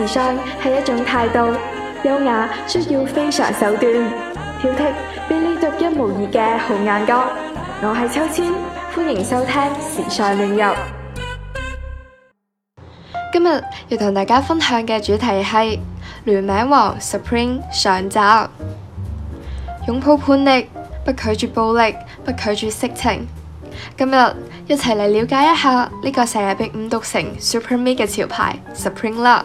時尚係一種態度，優雅需要非常手段，挑剔俾你獨一無二嘅好眼光。我係秋千，歡迎收聽時尚亂入。今日要同大家分享嘅主題係聯名王 Supreme 上集，擁抱叛逆，不拒絕暴力，不拒絕色情。今日一齊嚟了解一下呢個成日被誤讀成 Superme 嘅潮牌 Supreme 啦。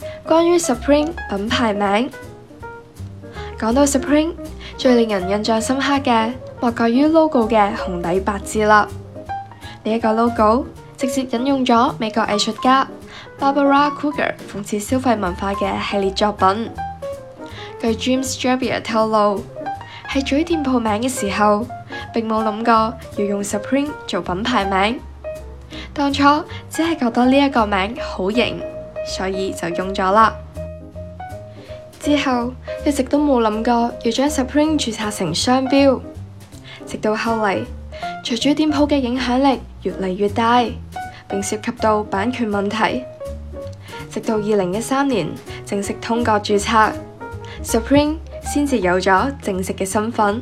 關於 Supreme 品牌名，講到 Supreme，最令人印象深刻嘅莫過於 logo 嘅紅底白字啦。呢一個 logo 直接引用咗美國藝術家 Barbara Kruger 諷刺消費文化嘅系列作品。據 James Jabier 透露，喺取店鋪名嘅時候，並冇諗過要用 Supreme 做品牌名，當初只係覺得呢一個名好型。所以就用咗啦。之後一直都冇諗過要將 Supreme 註冊成商標，直到後嚟隨住店鋪嘅影響力越嚟越大，並涉及到版權問題，直到二零一三年正式通過註冊，Supreme 先至有咗正式嘅身份。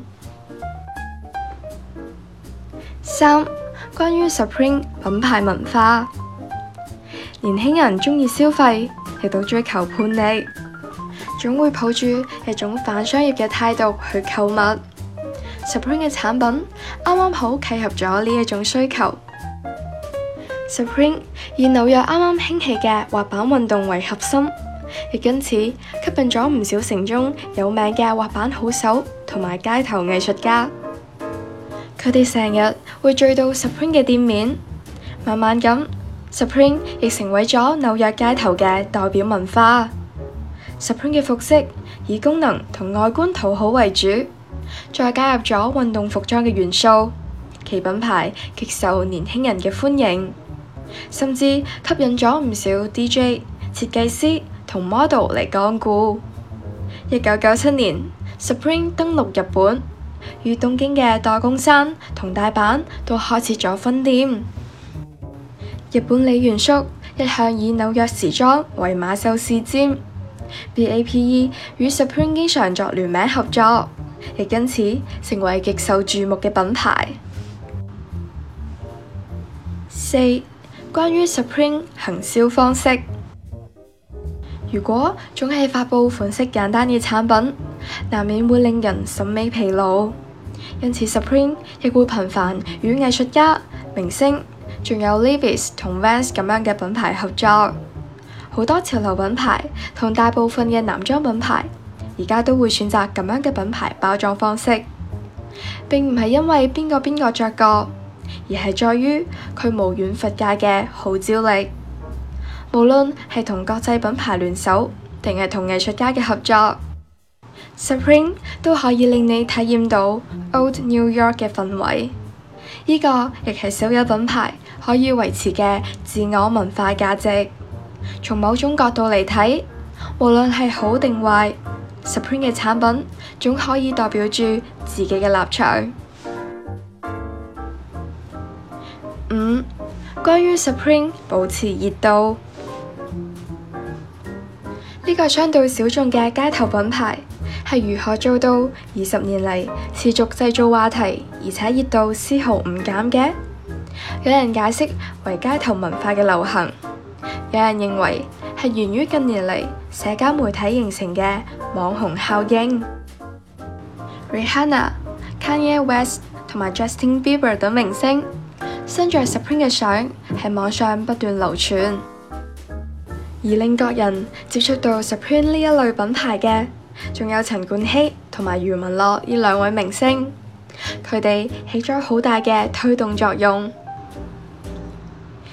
三、關於 Supreme 品牌文化。年輕人鍾意消費，亦都追求叛逆，總會抱住一種反商業嘅態度去購物。Supreme 嘅產品啱啱好契合咗呢一種需求。Supreme 以紐約啱啱興起嘅滑板運動為核心，亦因此吸引咗唔少城中有名嘅滑板好手同埋街頭藝術家。佢哋成日會聚到 Supreme 嘅店面，慢慢咁。Supreme 亦成為咗紐約街頭嘅代表文化。Supreme 嘅服飾以功能同外觀討好為主，再加入咗運動服裝嘅元素，其品牌極受年輕人嘅歡迎，甚至吸引咗唔少 DJ、設計師同 model 嚟光顧。一九九七年，Supreme 登陸日本，於東京嘅代官山同大阪都開設咗分店。日本裏原宿一向以紐約時裝為馬首是瞻 BAPE 與 Supreme 經常作聯名合作，亦因此成為極受注目嘅品牌。四、關於 Supreme 行銷方式，如果總是發布款式簡單嘅產品，難免會令人審美疲勞，因此 Supreme 亦會頻繁與藝術家、明星。仲有 Levis 同 Vans 咁樣嘅品牌合作，好多潮流品牌同大部分嘅男裝品牌而家都會選擇咁樣嘅品牌包裝方式，並唔係因為邊個邊個着過，而係在於佢無遠弗屆嘅號召力。無論係同國際品牌聯手，定係同藝術家嘅合作，Supreme 都可以令你體驗到 Old New York 嘅氛圍。呢、這個亦係少有品牌。可以維持嘅自我文化價值。從某種角度嚟睇，無論係好定壞，Supreme 嘅產品總可以代表住自己嘅立場。五、關於 Supreme 保持熱度，呢個相對小眾嘅街頭品牌係如何做到二十年嚟持續製造話題，而且熱度絲毫唔減嘅？有人解釋為街頭文化嘅流行，有人認為係源於近年嚟社交媒體形成嘅網紅效應。Rihanna、 anna, Kanye West 同埋 Justin Bieber 等明星身着 Supreme 嘅相喺網上不斷流傳， 而令國人接觸到 Supreme 呢一類品牌嘅，仲有陳冠希同埋余文樂呢兩位明星，佢哋起咗好大嘅推動作用。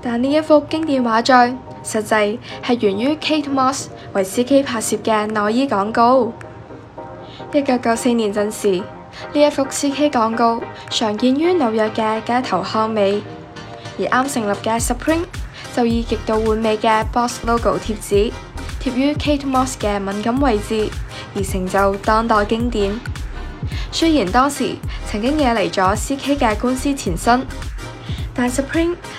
但呢一幅經典畫像，實際係源於 Kate Moss 為 CK 拍攝嘅內衣廣告。一九九四年陣時，呢一幅 CK 廣告常見於紐約嘅街頭巷尾，而啱成立嘅 Supreme 就以極度玩味嘅 Boss logo 貼紙貼於 Kate Moss 嘅敏感位置，而成就當代經典。雖然當時曾經惹嚟咗 CK 嘅官司纏身，但 Supreme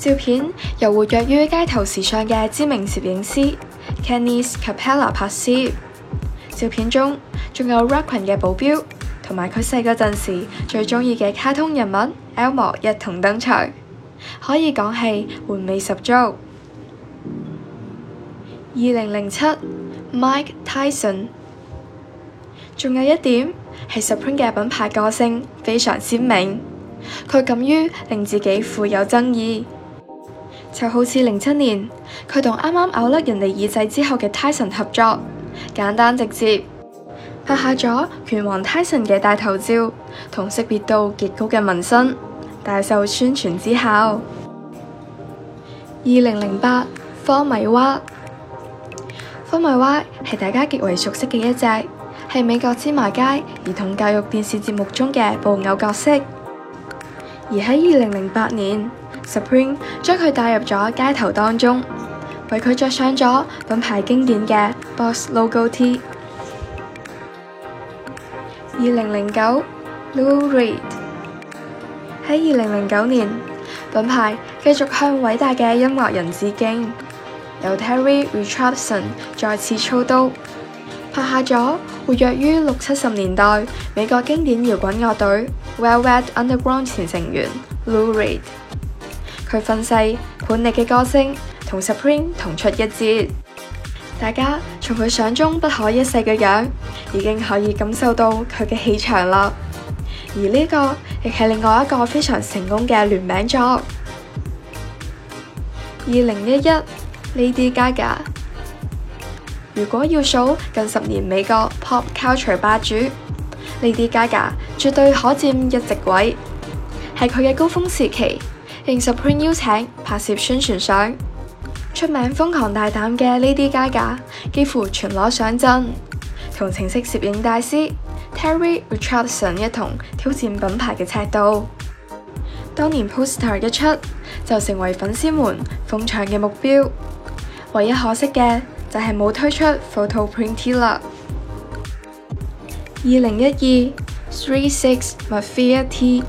照片由活躍於街頭時尚嘅知名攝影師 Kenny Cappella 拍攝。照片中仲有 Rap n 嘅保鏢同埋佢細個陣時最中意嘅卡通人物 Elmo 一同登場，可以講係玩味十足。二零零七，Mike Tyson。仲有一點係 Supreme 嘅品牌個性非常鮮明，佢敢於令自己富有爭議。就好似零七年，佢同啱啱咬甩人哋耳仔之後嘅泰臣合作，簡單直接拍下咗拳王泰臣嘅大頭照，同識別度極高嘅紋身。大受宣傳之後，二零零八，科米蛙。科米蛙係大家極為熟悉嘅一隻，係美國芝麻街兒童教育電視節目中嘅布偶角色，而喺二零零八年。Supreme 將佢帶入咗街頭當中，為佢着上咗品牌經典嘅 Box Logo T。二零零九，Lou Reed。喺二零零九年，品牌繼續向偉大嘅音樂人致敬，由 Terry Richardson 再次操刀拍下咗活躍於六七十年代美國經典搖滾樂隊 Velvet Underground 前成員 Lou Reed。佢分析叛逆嘅歌聲同 Supreme 同出一轍，大家從佢相中不可一世嘅樣，已經可以感受到佢嘅氣場啦。而呢、這個亦係另外一個非常成功嘅聯名作。二零一一 Lady Gaga，如果要數近十年美國 Pop Culture 霸主，Lady Gaga 絕對可占一席位，係佢嘅高峰時期。應 Supreme 邀請拍攝宣傳相，出名瘋狂大膽嘅 Lady Gaga 幾乎全裸上陣，同情色攝影大師 Terry Richardson 一同挑戰品牌嘅尺度。當年 poster 一出就成為粉絲們捧場嘅目標，唯一可惜嘅就係、是、冇推出 photo print T 啦。二零一二 Three Six Mafia T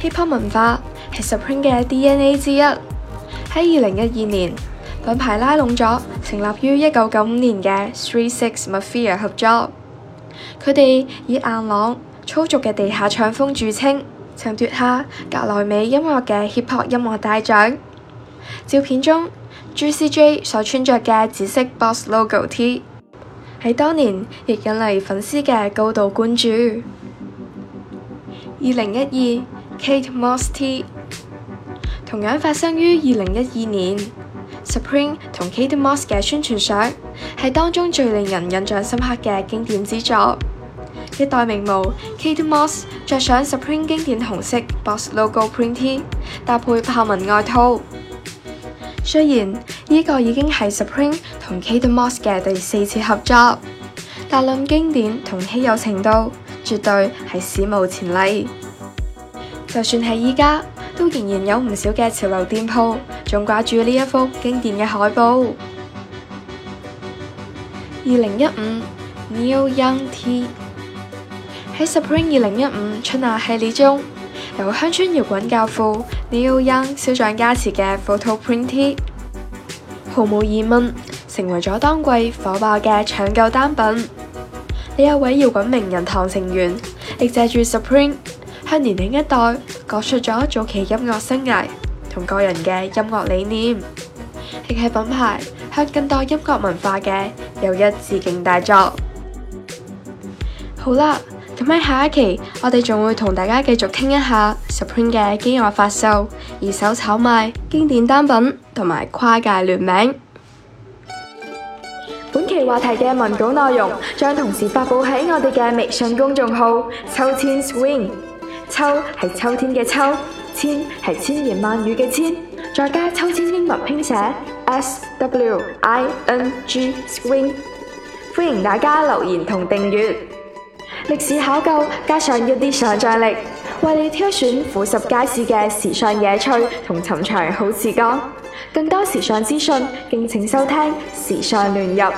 Hip Hop 文化，係 Supreme 嘅 DNA 之一。喺二零一二年，品牌拉攏咗成立於一九九五年嘅 Three Six Mafia 合作。佢哋以硬朗粗俗嘅地下唱風著稱，曾奪下格萊美音樂嘅 hiphop 音樂大獎。照片中，G C J 所穿着嘅紫色 Boss Logo T 喺當年亦引嚟粉絲嘅高度關注。二零一二，Kate Moss T。同樣發生於二零一二年，Supreme 同 Kate Moss 嘅宣傳相係當中最令人印象深刻嘅經典之作。一代名模 Kate Moss 着上 Supreme 經典紅色 Box Logo Print in, 搭配豹紋外套。雖然呢、這個已經係 Supreme 同 Kate Moss 嘅第四次合作，但論經典同稀有程度，絕對係史無前例。就算係而家。都仍然有唔少嘅潮流店鋪，仲掛住呢一幅經典嘅海報。二零一五 Neil Young T 喺 Supreme 二零一五春夏系列中，由鄉村搖滾教父 Neil Young 肖像加持嘅 Photo Print T，毫無疑問成為咗當季火爆嘅搶購單品。呢一位搖滾名人堂成員亦借助 Supreme。向年輕一代講述咗早期音樂生涯同個人嘅音樂理念，亦係品牌向更多音樂文化嘅又一致敬大作。好啦，咁喺下一期，我哋仲會同大家繼續傾一下 Supreme 嘅飢餓發售、二手炒賣、經典單品同埋跨界聯名。本期話題嘅文稿內容將同時發布喺我哋嘅微信公眾號《秋千 swing》。秋係秋天嘅秋，千係千言萬語嘅千，再加秋千英文拼寫 s w i n g swing。SW ING, 歡迎大家留言同訂閱。歷史考究加上一啲想象力，為你挑選富十街市嘅時尚野趣同尋常好時光。更多時尚資訊，敬請收聽時尚亂入。